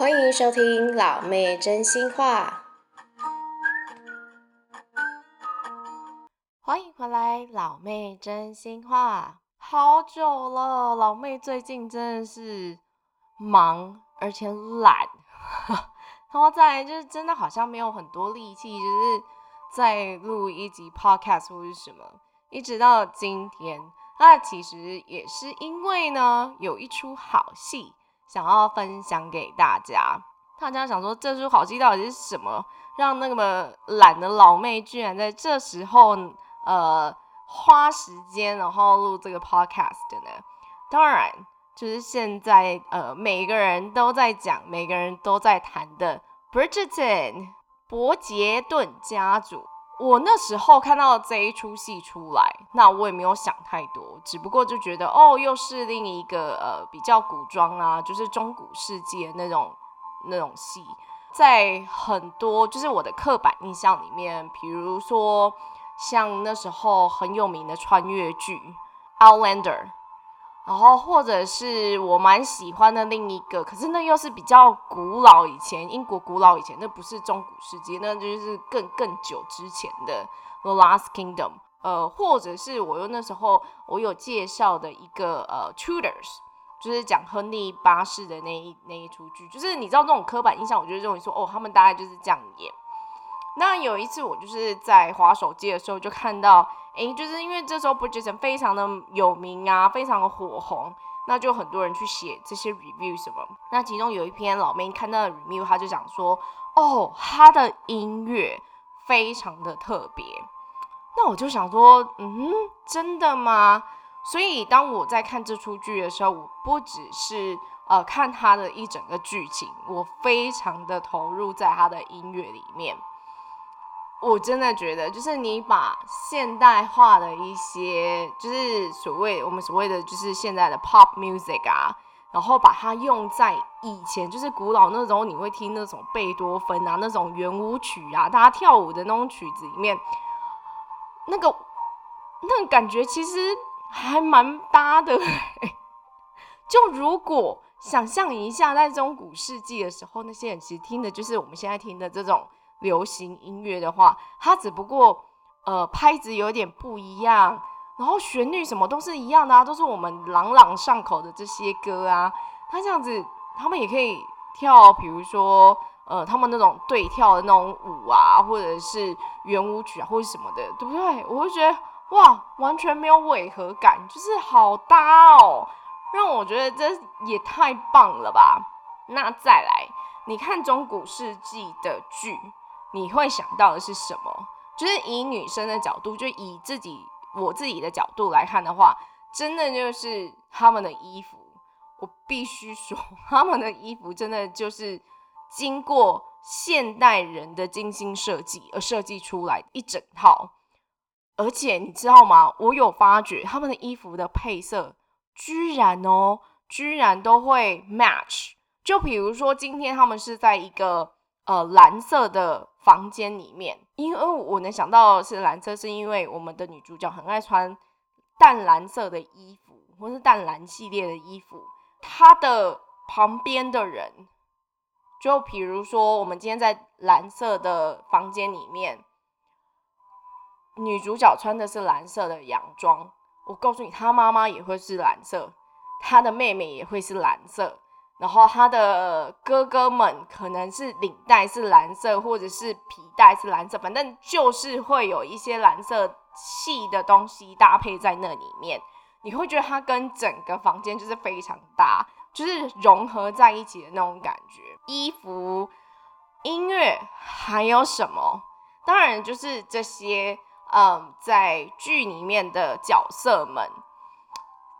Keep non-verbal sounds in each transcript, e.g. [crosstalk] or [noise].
歡迎收聽老妹真心話，歡迎回來，老妹真心話。好久了，老妹最近真的是忙而且懶， [laughs] 然後再就是真的好像沒有很多力氣，就是在錄一集 podcast 或者是什麼，一直到今天。那其實也是因為呢，有一出好戲。想要分享給大家，大家想說這出好戲到底是什麼？讓那麼懶的老妹居然在這時候，呃，花時間然後錄這個 podcast 呢？當然，就是現在呃，每個人都在講，每個人都在談的，Bridgerton 柏捷頓家族。我那時候看到這一出戲出來，那我也沒有想太多，只不過就覺得哦，又是另一個呃比較古裝啊，就是中古世界那種那種戲，在很多就是我的刻板印象裡面，比如說像那時候很有名的穿越劇《Outlander》。然後，或者是我蠻喜歡的另一個，可是那又是比較古老以前，英國古老以前，那不是中古世紀，那就是更更久之前的《The Last Kingdom》。呃，或者是我又那時候我有介紹的一個呃《Tudors》就是講亨利八世的那一那一出劇，就是你知道那種刻板印象，我就認為說，哦，他們大概就是這樣演。那有一次，我就是在滑手機的時候就看到，哎、欸，就是因為這時候 Bridgerton 非常的有名啊，非常的火紅，那就很多人去寫這些 review 什麼。那其中有一篇老妹看到的 review，他就講說，哦，他的音樂非常的特別。那我就想說，嗯，真的嗎？所以當我在看這齣劇的時候，我不只是呃看他的一整個劇情，我非常的投入在他的音樂裡面。我真的覺得，就是你把現代化的一些，就是所謂我們所謂的，就是現在的 pop music 啊，然後把它用在以前就是古老那種，你會聽那種貝多芬啊那種圓舞曲啊，大家跳舞的那種曲子裡面，那個那個感覺其實還蠻搭的。 [laughs] 就如果想象一下，在中古世紀的時候，那些人其實聽的就是我們現在聽的這種。流行音樂的話，它只不過呃拍子有點不一樣，然後旋律什麼都是一樣的啊，都是我們朗朗上口的這些歌啊。它這樣子，他們也可以跳，比如說呃他們那種對跳的那種舞啊，或者是圓舞曲啊，或者什麼的，對不對？我會覺得哇，完全沒有違和感，就是好搭哦，讓我覺得這也太棒了吧。那再來，你看中古世紀的劇。你會想到的是什麼？就是以女生的角度，就以自己，我自己的角度來看的話，真的就是他們的衣服，我必須說，他們的衣服真的就是經過現代人的精心設計而設計出來一整套。而且你知道嗎？我有發覺他們的衣服的配色居然哦，居然都會 match。就比如說今天他們是在一個。呃，藍色的房間裡面，因為我能想到是藍色，是因為我們的女主角很愛穿淡藍色的衣服，或是淡藍系列的衣服。她的旁邊的人，就比如說，我們今天在藍色的房間裡面，女主角穿的是藍色的洋裝，我告訴你，她媽媽也會是藍色，她的妹妹也會是藍色。然後他的哥哥們可能是領帶是藍色，或者是皮帶是藍色，反正就是會有一些藍色系的東西搭配在那裡面。你會覺得它跟整個房間就是非常搭，就是融合在一起的那種感覺。衣服、音樂，還有什麼？當然就是這些。嗯，在劇裡面的角色們，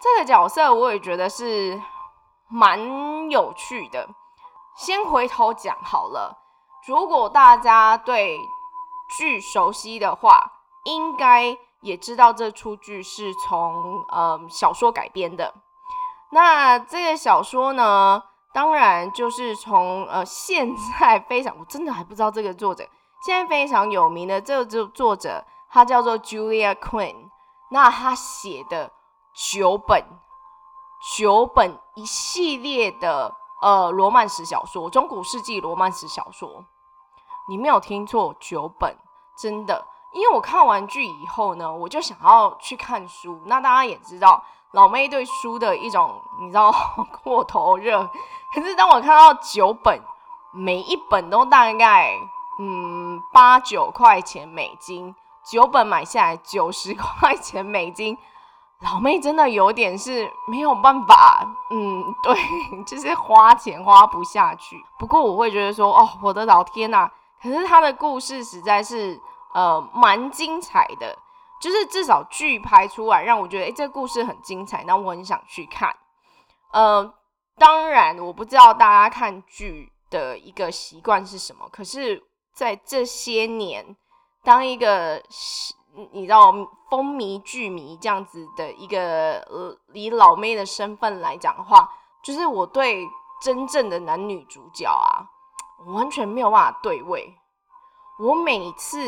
這個角色我也覺得是。蠻有趣的，先回頭講好了。如果大家對劇熟悉的話，應該也知道這齣劇是從嗯、呃、小說改編的。那這個小說呢，當然就是從呃現在非常，我真的還不知道這個作者，現在非常有名的這個作者，他叫做 Julia Quinn。那他寫的九本。九本一系列的呃羅曼史小說，中古世紀羅曼史小說，你沒有聽錯，九本，真的。因為我看完劇以後呢，我就想要去看書。那大家也知道，老妹對書的一種，你知道過頭熱。可是當我看到九本，每一本都大概嗯八九塊錢美金，九本買下來九十塊錢美金。老妹真的有點是沒有辦法，嗯，對，就是花錢花不下去。不過我會覺得說，哦，我的老天吶！可是他的故事實在是，呃，蠻精彩的，就是至少劇拍出來讓我覺得，哎，這故事很精彩，那我很想去看。呃，當然我不知道大家看劇的一個習慣是什麼？可是，在這些年，當一個是。你知道，風靡、劇迷這樣子的一個以老妹的身份來講的話，就是我對真正的男女主角啊，完全沒有辦法對位。我每次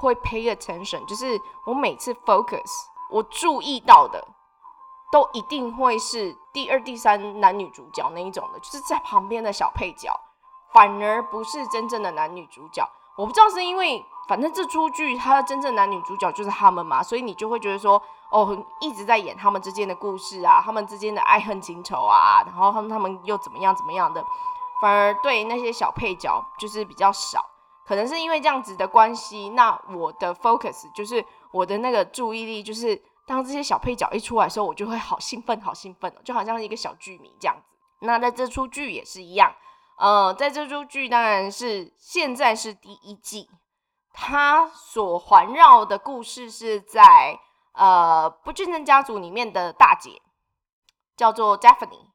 會 pay attention，就是我每次 focus，我注意到的都一定會是第二、第三男女主角那一種的，就是在旁邊的小配角，反而不是真正的男女主角。我不知道是因為。反正這出劇，它的真正男女主角就是他們嘛，所以你就會覺得說，哦，一直在演他們之間的故事啊，他們之間的愛恨情仇啊，然後他們他們又怎麼樣怎麼樣的，反而對那些小配角就是比較少，可能是因為這樣子的關係。那我的 focus 就是我的那個注意力，就是當這些小配角一出來的時候，我就會好興奮，好興奮哦，就好像一個小劇迷這樣子。那在這出劇也是一樣，呃，在這出劇當然是現在是第一季。他所環繞的故事是在呃柏捷頓家族裡面的大姐，叫做 Daphne，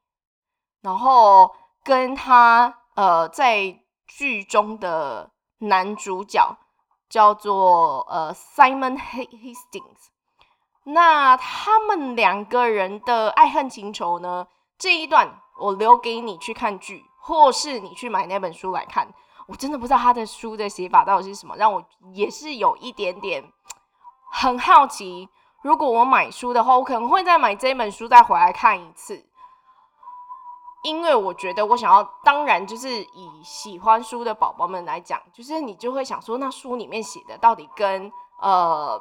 然後跟他呃在劇中的男主角叫做呃 Simon Hastings，那他們兩個人的愛恨情仇呢，這一段我留給你去看劇，或是你去買那本書來看。我真的不知道他的書的寫法到底是什麼，讓我也是有一點點很好奇。如果我買書的話，我可能會再買這本書再回來看一次，因為我覺得我想要。當然，就是以喜歡書的寶寶們來講，就是你就會想說，那書裡面寫的到底跟呃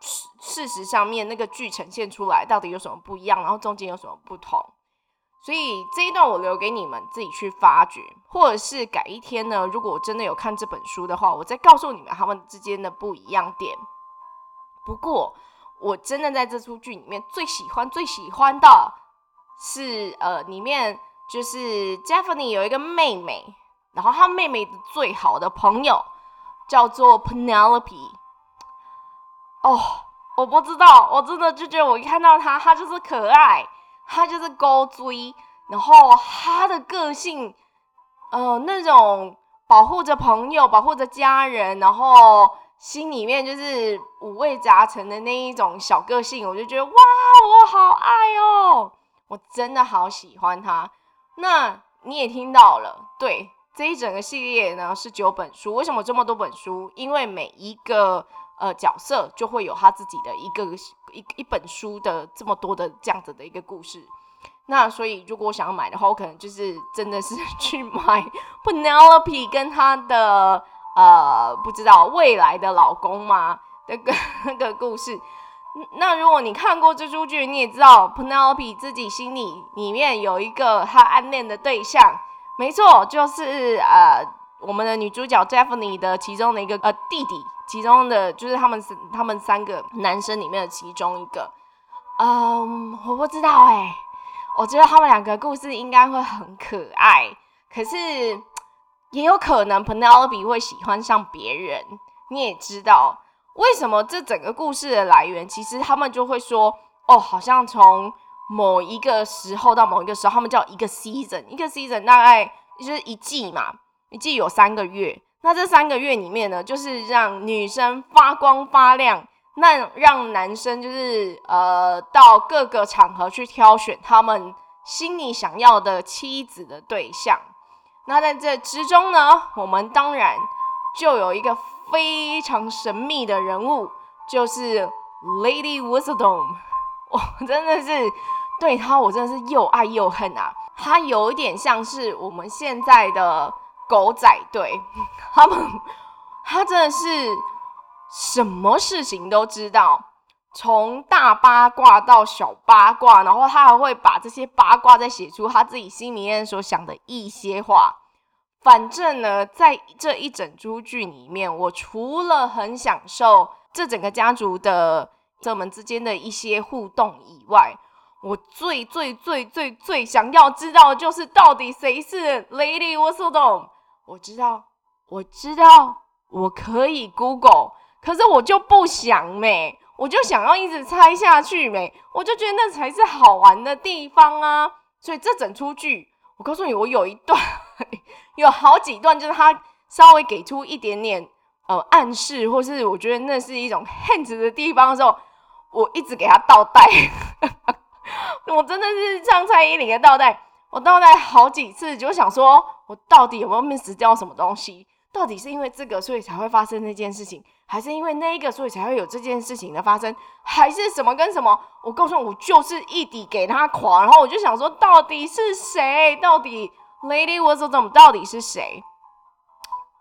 事事實上面那個劇呈現出來到底有什麼不一樣，然後中間有什麼不同。所以這一段我留給你們自己去發掘，或者是改一天呢？如果我真的有看這本書的話，我再告訴你們他們之間的不一樣點。不過我真的在這出劇裡面最喜歡最喜歡的是，呃，裡面就是 Daphne 有一個妹妹，然後她妹妹的最好的朋友叫做 Penelope。哦，我不知道，我真的就覺得我一看到她，她就是可愛。他就是高追，然後他的個性，呃，那種保護着朋友、保護着家人，然後心裡面就是五味雜陳的那一種小個性，我就覺得哇，我好愛哦，我真的好喜歡他。那你也聽到了，對這一整個系列呢是九本書，為什麼這麼多本書？因為每一個。呃，角色就會有他自己的一個一一本書的這麼多的這樣子的一個故事。那所以，如果我想要買的話，我可能就是真的是去買 Penelope 跟她的呃，不知道未來的老公嗎？那個、那個故事那。那如果你看過這出劇，你也知道 Penelope 自己心裡裡面有一個她暗戀的對象，沒錯，就是呃我們的女主角 Daphne 的其中的一個呃弟弟。其中的，就是他們是他們三個男生裡面的其中一個。嗯、um，我不知道誒、欸，我覺得他們兩個故事應該會很可愛，可是也有可能 Penelope 會喜歡上別人。你也知道為什麼這整個故事的來源？其實他們就會說，哦，好像從某一個時候到某一個時候，他們叫一個 season，一個 season 大概就是一季嘛，一季有三個月。那這三個月裡面呢，就是讓女生發光發亮，那讓男生就是呃，到各個場合去挑選他們心裡想要的妻子的對象。那在這之中呢，我們當然就有一個非常神秘的人物，就是 Lady Wisdom。我真的是對她，我真的是又愛又恨啊。她有一點像是我們現在的。狗仔隊，他們他真的是什麼事情都知道，從大八卦到小八卦，然後他還會把這些八卦再寫出他自己心裡面所想的一些話。反正呢，在這一整出劇裡面，我除了很享受這整個家族的這們之間的一些互動以外，我最最最最最想要知道的就是到底誰是 Lady Whistledown。我知道，我知道，我可以 Google，可是我就不想沒，我就想要一直猜下去沒，我就覺得那才是好玩的地方啊！所以這整出劇，我告訴你，我有一段， [laughs] 有好幾段，就是他稍微給出一點點呃暗示，或是我覺得那是一種 hint 的地方的時候，我一直給他倒帶， [laughs] 我真的是像蔡依林的倒帶，我倒帶好幾次，就想說。我到底有沒有 miss 掉什麼東西？到底是因為這個，所以才會發生那件事情，還是因為那一個，所以才會有這件事情的發生，還是什麼跟什麼？我告訴你就是異地給他狂，然後我就想說到，到底是誰？到底 Lady Whistledown？到底是誰？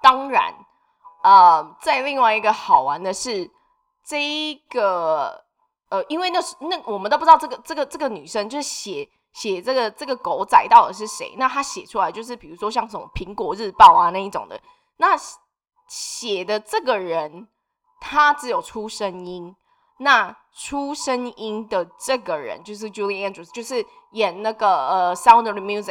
當然，呃，在另外一個好玩的是，這一個，呃，因為那是那我們都不知道這個這個這個女生就是寫。寫這個這個狗仔到底是誰？那他寫出來就是，比如說像什麼《蘋果日報》啊那一種的。那寫的這個人，他只有出聲音。那出聲音的這個人就是 Julie Andrews，就是演那個呃《Sound of the Music》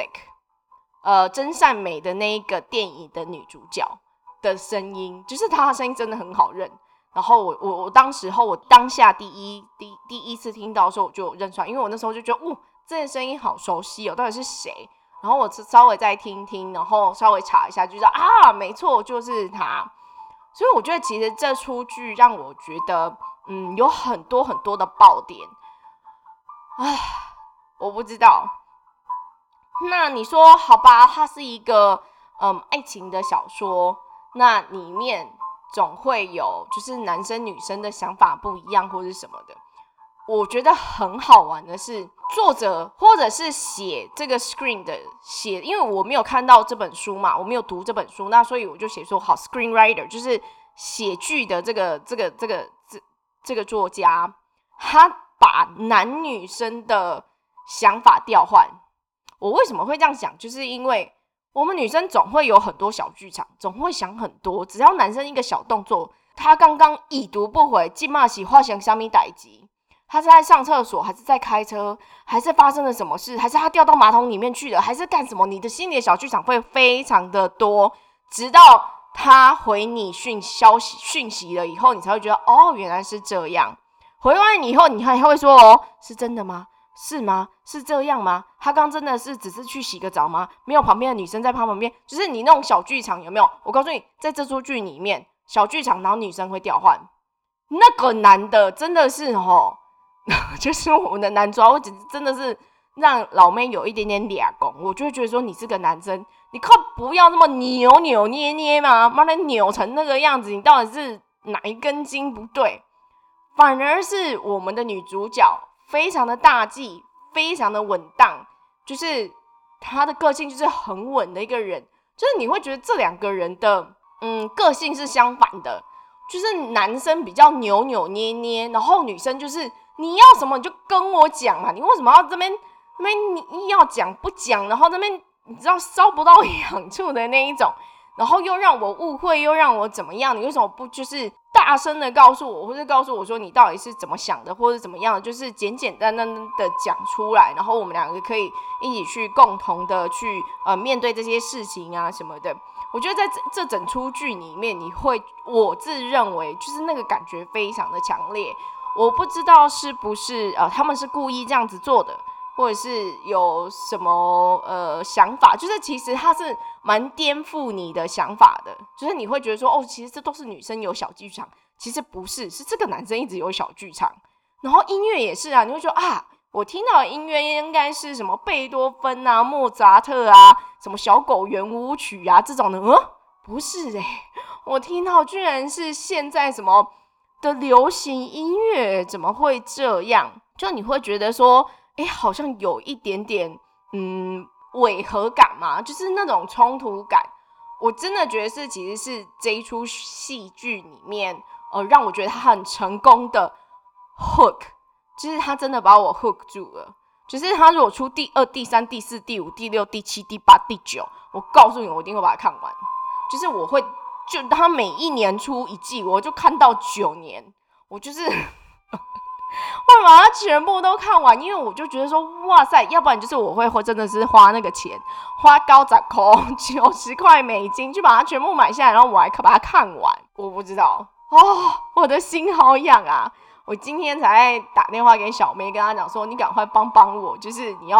呃《真善美》的那一個電影的女主角的聲音，就是她的聲音真的很好認。然後我我我當時候我當下第一第第一次聽到的時候，我就認出來，因為我那時候就覺得，哇、哦這個聲音好熟悉哦，到底是誰？然後我稍微再聽聽，然後稍微查一下，就知道啊，沒錯，就是他。所以我覺得其實這出劇讓我覺得，嗯，有很多很多的爆點。唉，我不知道。那你說好吧，它是一個嗯愛情的小說，那裡面總會有就是男生女生的想法不一樣，或是什麼的。我覺得很好玩的是，作者或者是寫這個 screen 的寫，因為我沒有看到這本書嘛，我沒有讀這本書，那所以我就寫說，好 screenwriter 就是寫劇的這個這個這個這這個作家，他把男女生的想法調換。我為什麼會這樣想？就是因為我們女生總會有很多小劇場，總會想很多，只要男生一個小動作，他剛剛已讀不回，即罵起花想蝦米代誌。他是在上廁所，還是在開車，還是發生了什麼事，還是他掉到馬桶裡面去了，還是幹什麼？你的心裡的小劇場會非常的多，直到他回你訊消息訊息了以後，你才會覺得哦，原來是這樣。回完你以後，你還會說哦，是真的嗎？是嗎？是這樣嗎？他剛真的是只是去洗個澡嗎？沒有旁邊的女生在旁邊，就是你那種小劇場有沒有？我告訴你，在這出劇裡面，小劇場然後女生會調換，那個男的真的是哦。 [laughs] 就是我們的男主啊，我只真的是讓老妹有一點點臉紅，我就會覺得說，你是個男生，你可不要那麼扭扭捏捏捏嘛！媽的，扭成那個樣子，你到底是哪一根筋不對？反而是我們的女主角非常的大氣，非常的穩當，就是她的個性就是很穩的一個人，就是你會覺得這兩個人的嗯個性是相反的，就是男生比較扭扭捏捏捏，然後女生就是。你要什麼你就跟我講嘛！你為什麼要這邊那邊你要講不講，然後這邊你知道燒不到癢處的那一種，然後又讓我誤會，又讓我怎麼樣？你為什麼不就是大聲的告訴我，或者告訴我說你到底是怎麼想的，或者怎麼樣？就是簡簡單單的講出來，然後我們兩個可以一起去共同的去呃面對這些事情啊什麼的。我覺得在這這整出劇裡面，你會我自認為就是那個感覺非常的強烈。我不知道是不是啊、呃？他們是故意這樣子做的，或者是有什麼呃想法？就是其實他是蠻顛覆你的想法的，就是你會覺得說哦，其實這都是女生有小劇場，其實不是，是這個男生一直有小劇場。然後音樂也是啊，你會覺得啊，我聽到的音樂應該是什麼貝多芬啊、莫扎特啊、什麼小狗圓舞曲啊這種的呃、嗯、不是誒、欸，我聽到居然是現在什麼。的流行音樂怎麼會這樣？就你會覺得說，哎、欸，好像有一點點，嗯，違和感嗎？就是那種衝突感。我真的覺得是，其實是這一出戲劇裡面，呃，讓我覺得他很成功的 hook，就是他真的把我 hook 住了。只、就是他如果出第二、第三、第四、第五、第六、第七、第八、第九，我告訴你，我一定會把它看完。就是我會。就他每一年出一季，我就看到九年，我就是 [laughs] 會把它全部都看完。因為我就覺得說，哇塞，要不然就是我會真的，是花那個錢，花高折空，九十塊美金去把它全部買下來，然後我還把它看完。我不知道哦，我的心好癢啊！我今天才打電話給小妹，跟她講說，你趕快幫幫我，就是你要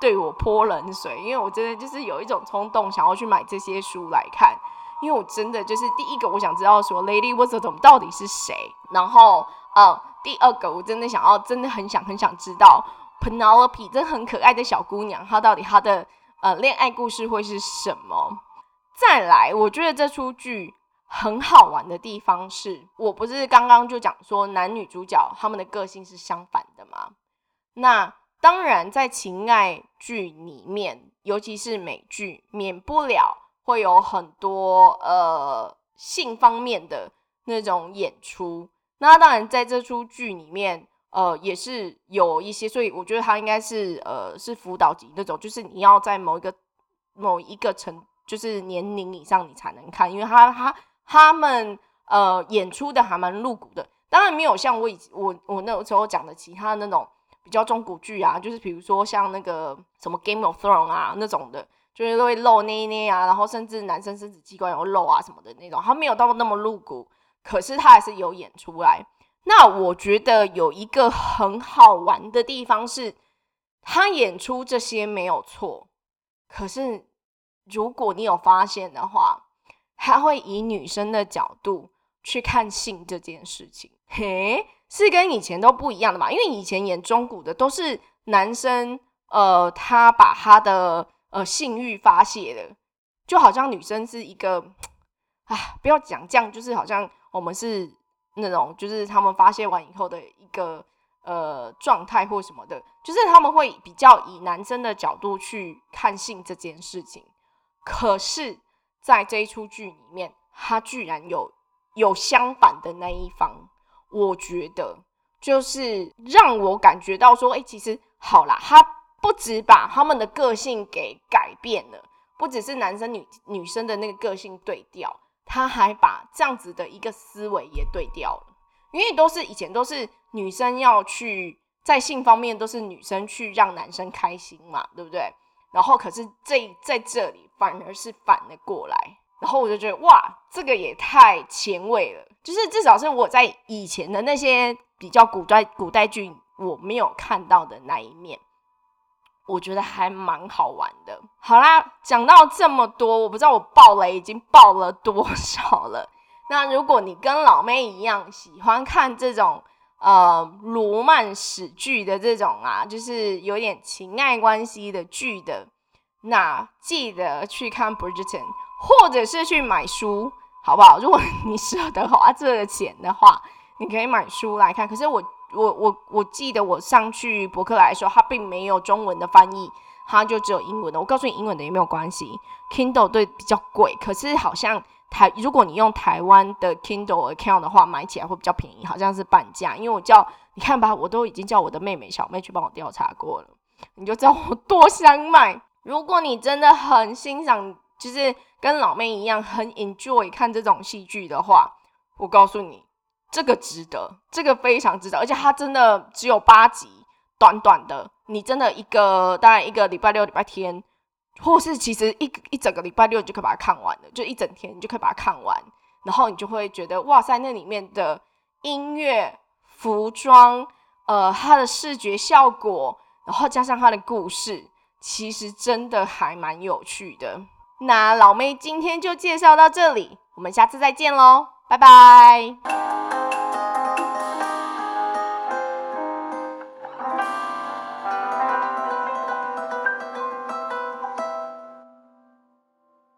對我潑冷水，因為我真的就是有一種衝動，想要去買這些書來看。因為我真的就是第一個，我想知道說 Lady Whistledown，um、到底是誰。然後，呃，第二個我真的想要，真的很想很想知道 Penelope 真的很可愛的小姑娘，她到底她的呃戀愛故事會是什麼。再來，我覺得這出劇很好玩的地方是，我不是剛剛就講說男女主角他們的個性是相反的嗎？那當然，在情愛劇裡面，尤其是美劇，免不了。會有很多呃性方面的那種演出，那當然在這出劇裡面，呃也是有一些，所以我覺得他應該是呃是輔導級那種，就是你要在某一個某一個層，就是年齡以上你才能看，因為他他他們呃演出的還蠻露骨的，當然沒有像我以我我那時候講的其他那種比較中古劇啊，就是比如說像那個什麼《Game of Thrones》啊那種的。就是會露捏捏啊，然後甚至男生生殖器官有露啊什麼的那種，他沒有到那麼露骨，可是他還是有演出來。那我覺得有一個很好玩的地方是，他演出這些沒有錯，可是如果你有發現的話，他會以女生的角度去看性這件事情。嘿，是跟以前都不一樣的嘛？因為以前演中古的都是男生，呃，他把他的。呃，性慾發洩的，就好像女生是一個，啊，不要講這樣，就是好像我們是那種，就是他們發洩完以後的一個呃狀態或什麼的，就是他們會比較以男生的角度去看性這件事情。可是，在這一齣劇裡面，他居然有有相反的那一方，我覺得就是讓我感覺到說，哎，其實好啦，他。不止把他們的個性給改變了，不只是男生女女生的那個個性對調，他還把這樣子的一個思維也對調了。因為都是以前都是女生要去在性方面都是女生去讓男生開心嘛，對不對？然後可是這在，在這裡反而是反了過來，然後我就覺得哇，這個也太前衛了，就是至少是我在以前的那些比較古代古代劇我沒有看到的那一面。我覺得還蠻好玩的。好啦，講到這麼多，我不知道我爆雷已經爆了多少了。那如果你跟老妹一樣喜歡看這種呃羅曼史劇的這種啊，就是有點情愛關係的劇的，那記得去看《Bridgerton》或者是去買書，好不好？如果你舍得花這個錢的話，你可以買書來看。可是我。我我我記得我上去博客來的時候，它並沒有中文的翻譯，它就只有英文的。我告訴你，英文的也沒有關係。Kindle 對比較貴，可是好像台，如果你用台灣的 Kindle account 的話，買起來會比較便宜，好像是半價。因為我叫，你看吧，我都已經叫我的妹妹小妹去幫我調查過了，你就知道我多想買。如果你真的很欣賞，就是跟老妹一樣很 enjoy 看這種戲劇的話，我告訴你。這個值得，這個非常值得，而且它真的只有八集，短短的。你真的一個，當然一個禮拜六、禮拜天，或是其實一一整個禮拜六，你就可以把它看完了，就一整天你就可以把它看完。然後你就會覺得，哇塞，那裡面的音樂、服裝，呃，它的視覺效果，然後加上它的故事，其實真的還蠻有趣的。那老妹今天就介紹到這裡，我們下次再見嘍，拜拜。